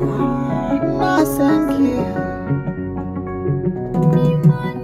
No, thank you.